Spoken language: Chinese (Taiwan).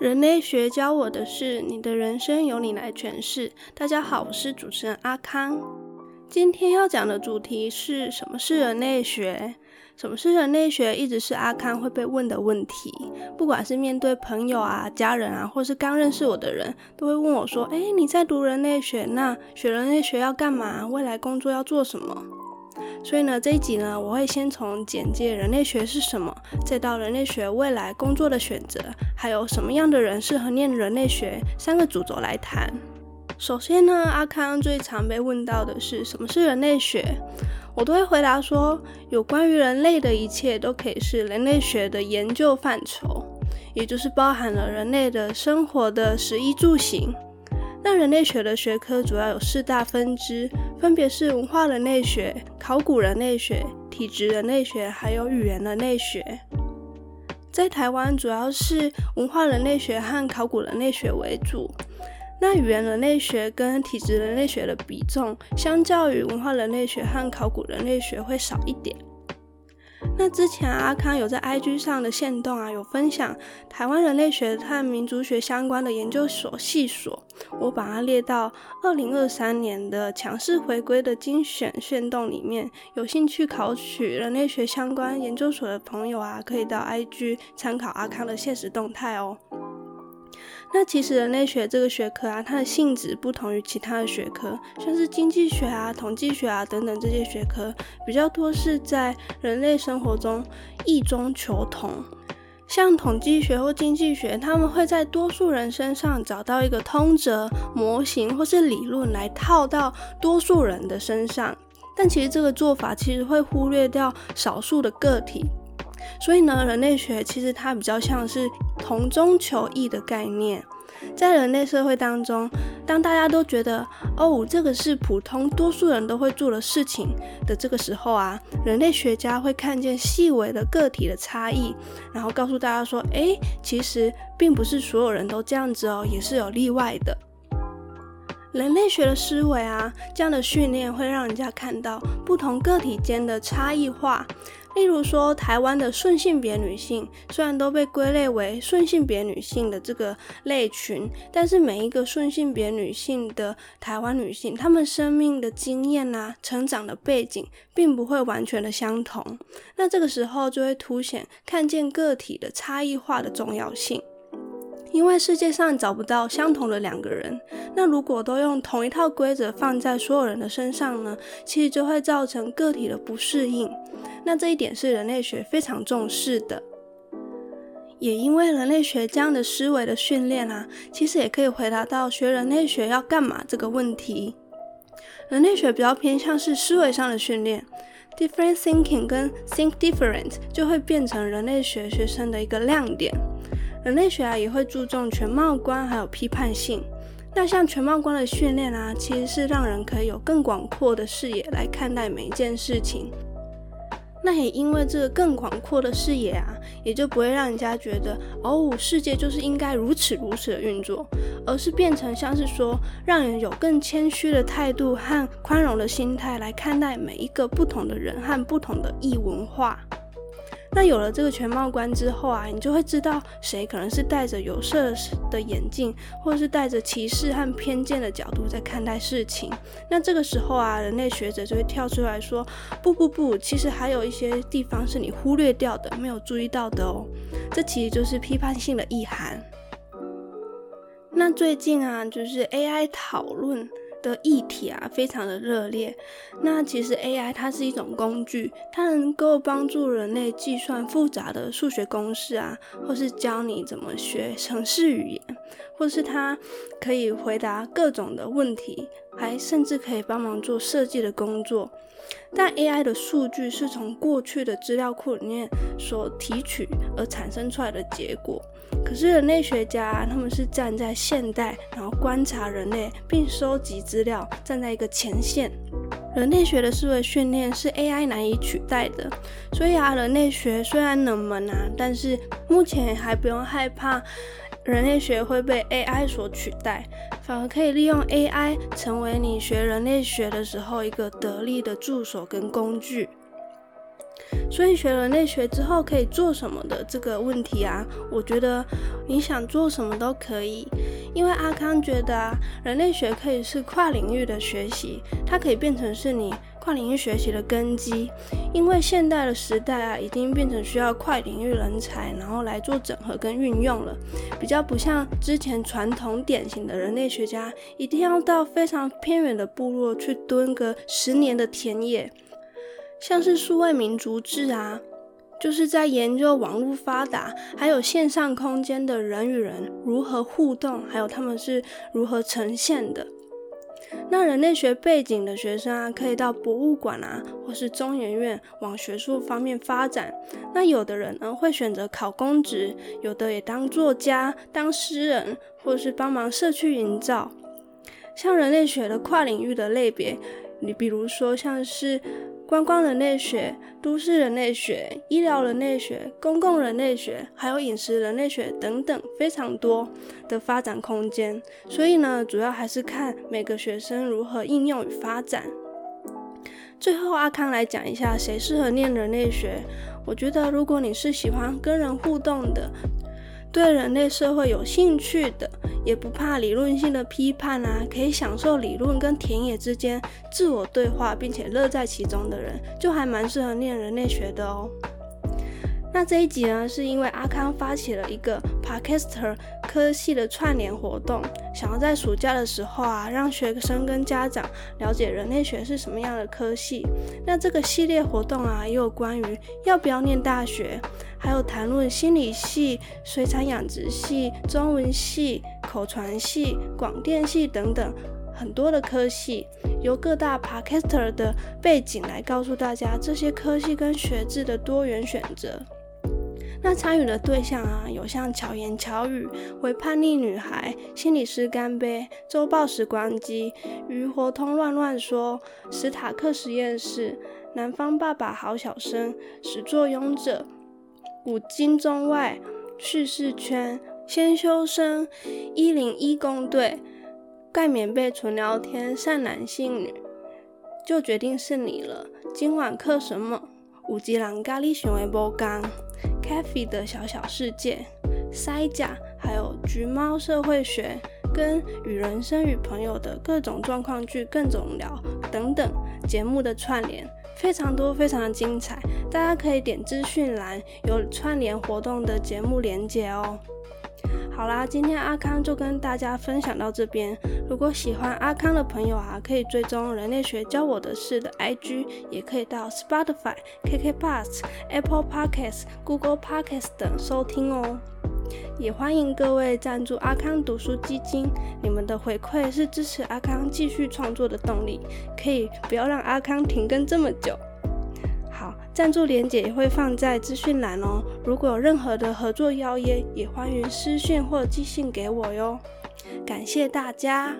人類學教我的事，你的人生由你來詮釋。大家好，我是主持人阿康。今天要講的主題是什麼是人類學？什麼是人類學？一直是阿康會被問的問題。不管是面對朋友啊、家人啊，或是剛認識我的人，都會問我說：“哎、欸，你在讀人類學？那學人類學要幹嘛？未來工作要做什麼？”所以呢，這一集呢，我會先從簡介人類學是什麼，再到人類學未來工作的選擇，還有什麼樣的人適合念人類學三個主軸來談。首先呢，阿康最常被問到的是什麼是人類學，我都會回答說，有關於人類的一切都可以是人類學的研究範疇，也就是包含了人類的生活的食衣住行。那人類學的學科主要有四大分支，分別是文化人類學、考古人類學、體質人類學，還有語言人類學。在台灣，主要是文化人類學和考古人類學為主。那語言人類學跟體質人類學的比重，相較於文化人類學和考古人類學會少一點。那之前阿康有在 IG 上的限動啊，有分享台灣人類學和民族學相關的研究所系所，我把它列到二零二三年的強勢回歸的精選限動裡面。有興趣考取人類學相關研究所的朋友啊，可以到 IG 參考阿康的限時動態哦。那其實人類學這個學科啊，它的性質不同於其他的學科，像是經濟學啊、統計學啊等等這些學科，比較多是在人類生活中異中求同，像統計學或經濟學，他們會在多數人身上找到一個通則、模型或是理論來套到多數人的身上，但其實這個做法其實會忽略掉少數的個體。所以呢，人類學其實它比較像是同中求異的概念，在人類社會當中，當大家都覺得哦，這個是普通多數人都會做的事情的這個時候啊，人類學家會看見細微的個體的差異，然後告訴大家說，誒、欸，其實並不是所有人都這樣子哦，也是有例外的。人類學的思維啊，這樣的訓練會讓人家看到不同個體間的差異化。例如說，台灣的順性別女性雖然都被歸類為順性別女性的這個類群，但是每一個順性別女性的台灣女性，她們生命的經驗啊、成長的背景，並不會完全的相同。那這個時候就會凸顯看見個體的差異化的重要性。因為世界上找不到相同的兩個人，那如果都用同一套規則放在所有人的身上呢？其實就會造成個體的不適應。那這一點是人類學非常重視的。也因為人類學這樣的思維的訓練啊，其實也可以回答到學人類學要幹嘛這個問題。人類學比較偏向是思維上的訓練，different thinking 跟 think different 就會變成人類學學生的一個亮點。人類學啊也會注重全貌觀，還有批判性。那像全貌觀的訓練啊，其實是讓人可以有更廣闊的視野來看待每一件事情。那也因為這個更廣闊的視野啊，也就不會讓人家覺得哦，世界就是應該如此如此的運作，而是變成像是說，讓人有更謙虛的態度和寬容的心態來看待每一個不同的人和不同的異文化。那有了這個全貌觀之後啊，你就會知道誰可能是戴着有色的眼鏡，或者是帶着歧視和偏見的角度在看待事情。那這個時候啊，人類學者就會跳出來說：不不不，其實還有一些地方是你忽略掉的，沒有注意到的哦。這其實就是批判性的意涵。那最近啊，就是 AI 討論。的議題啊，非常的熱烈。那其實 AI 它是一種工具，它能夠幫助人類計算複雜的數學公式啊，或是教你怎麼學程式語言。或是他可以回答各種的問題，還甚至可以幫忙做設計的工作。但 AI 的數據是從過去的資料庫裡面所提取而產生出來的結果。可是人類學家他們是站在現代，然後觀察人類並收集資料，站在一個前線。人類學的思維訓練是 AI 難以取代的。所以啊，人類學雖然冷門啊，但是目前還不用害怕。人類學會被 AI 所取代，反而可以利用 AI 成為你學人類學的時候一個得力的助手跟工具。所以學人類學之後可以做什麼的這個問題啊，我覺得你想做什麼都可以，因為阿康覺得啊，人類學可以是跨領域的學習，它可以變成是你。跨領域學習的根基，因為現代的時代啊，已經變成需要跨領域人才，然後來做整合跟運用了。比較不像之前傳統典型的人類學家，一定要到非常偏遠的部落去蹲個十年的田野。像是數位民族誌啊，就是在研究網絡發達，還有線上空間的人與人如何互動，還有他們是如何呈現的。那人類學背景的學生啊，可以到博物館啊，或是中研院往學術方面發展。那有的人呢，會選擇考公職，有的也當作家、當詩人，或是幫忙社區營造。像人類學的跨領域的類別，你比如說像是。觀光人類學、都市人類學、醫療人類學、公共人類學、還有飲食人類學等等，非常多的發展空間。所以呢，主要還是看每個學生如何應用與發展。最後，阿康來講一下誰適合念人類學。我覺得，如果你是喜歡跟人互動的。對人類社會有興趣的，也不怕理論性的批判啊，可以享受理論跟田野之間自我對話，並且樂在其中的人，就還蠻適合念人類學的哦。那這一集呢，是因為阿康發起了一個 Podcaster 科系的串聯活動，想要在暑假的時候啊，讓學生跟家長了解人類學是什麼樣的科系。那這個系列活動啊，也有關於要不要念大學，還有談論心理系、水產養殖系、中文系、口傳系、廣電系等等很多的科系，由各大 Podcaster 的背景來告訴大家這些科系跟學制的多元選擇。那參與的對象啊，有像巧言巧語、微叛逆女孩、心理師乾杯、週報時光機、魚活通亂亂說、史塔克實驗室、南方爸爸濠小聲、屎作勇者、古今中歪敘事圈、先修生、一零一異攻隊、蓋棉被純聊天、善男信女、就決定是你了、今晚嗑什麼、五吉郎嘎哩修欸某剛 Eve 的小小世界、塞甲，還有橘貓社會學，跟與人生與朋友的各種狀況劇、各種聊等等節目的串聯，非常多，非常的精彩。大家可以點資訊欄有串聯活動的節目連接哦。好啦，今天阿康就跟大家分享到這邊。如果喜歡阿康的朋友啊，可以追蹤《人類學教我的事》的 IG，也可以到 Spotify、KKBOX、Apple Podcasts、Google Podcasts 等收聽哦。也歡迎各位贊助阿康讀書基金，你們的回饋是支持阿康繼續創作的動力，可以不要讓阿康停更這麼久。贊助鏈接也會放在資訊欄哦。如果有任何的合作邀約，也歡迎私訊或寄信給我喲。感謝大家。